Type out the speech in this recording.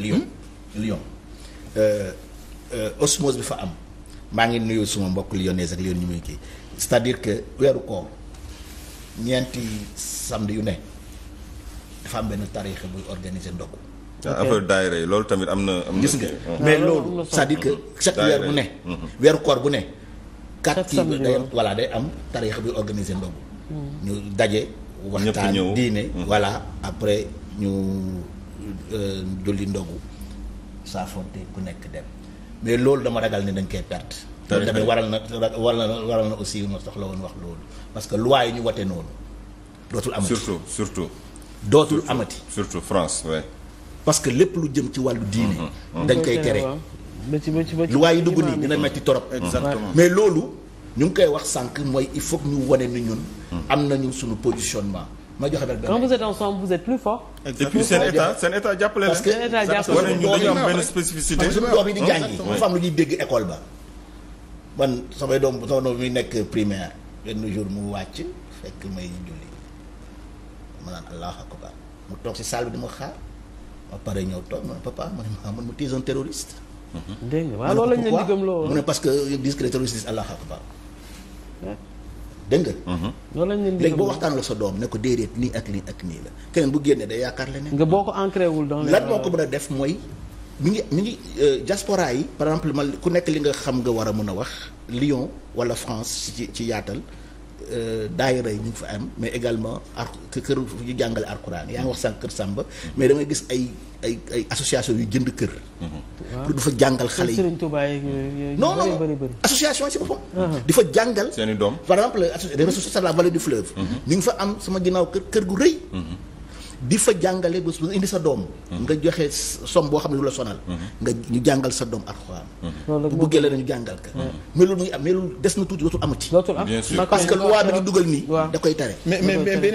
Lyon Lyon euh, euh, osmose bi fa am maa ngi nuyu suma mbokk lyonnaise ak lyon ñu muy kii c'est-à-dire que weeru koor ñeenti samedi yu ne dafa am benn tariixa buy organiser ndog ah, affaire daayira yi loolu tamit am na am na gis nga mais loolu ah, cest dire que chaque weer bu ne mm-hmm. weeru koor bu ne quatre kii day voilà day am tariixa buy organiser ndog mm. ñu daje waxtaan diine mm-hmm. voilà après ñu Euh, dolli ndogu saa fonte ku nekk dem mais loolu dama ragal ne dañ koy perte. loolu tamit waral na waral na waral na aussi ma soxla woon wax loolu parce que loi yi ñu wote noonu dootul amati surtout surtout. dootul amati surtout France parce que lépp lu jëm ci wàllu diine. Mm-hmm, mm-hmm. dañ koy tere loi yi dugg nii dina metti torop. exactement mais loolu ñu ngi koy wax sànq mooy il faut ñu wone ni ñun. am nañu suñu positionnement. ma joxe benn. quand vous êtes ensemble vous êtes plus fort. et puis seen état seen état jàppale leen. parce que ñu dañu am benn doom yi di jàngi dafa am lu ñuy dégg école ba. man samay doom sama doom mi nekk primaire benn jour mu wàcc fekk may julli ma naan allahu akbar mu toog si salle bi di ma xaar ma pare ñëw toog ma ne papa ma ne ma man mu tiis un terroriste. dégg loolu lañ loo mu ne parce que disque terroriste allah akbar dégg nga. Mhm. loolu lañ leen léegi boo waxtaan la sa doom ne ko déedéet nii ak nii ak nii la keneen bu génnee de yaakaar leneen. nga boo ko ancré wul dans lan moo ko mën a def mooy. mi ngi mi ngi euh, diaspora yi par exemple ma ku nekk li nga xam nga war a mën a wax Lyon wala France ci ci yaatal euh, daayira yi ñu ngi fa am mais également ar kër yu jàngale alxuraan yaa ngi wax sànq kër Samba mhm. mais da ngay gis ay ay ay association yu jënd kër. Mhm. pour di fa jàngal xale yi non non association yi si boppam ah, ah. di fa jàngal seeni doom par exemple les ressources de la vallée du fleuve ñu mm-hmm. ngi fa am sama ginnaaw kër gu rëy mm-hmm. di fa jàngale ba indi sa doom mm-hmm. nga joxe somme boo xam ne du la sonal nga ñu jàngal sa doom alxuraan bu bëggee la ñu jàngal ka mais loolu mu ngi am mais des na tuuti dootul amati parce que loi bi dugal nii da koy tare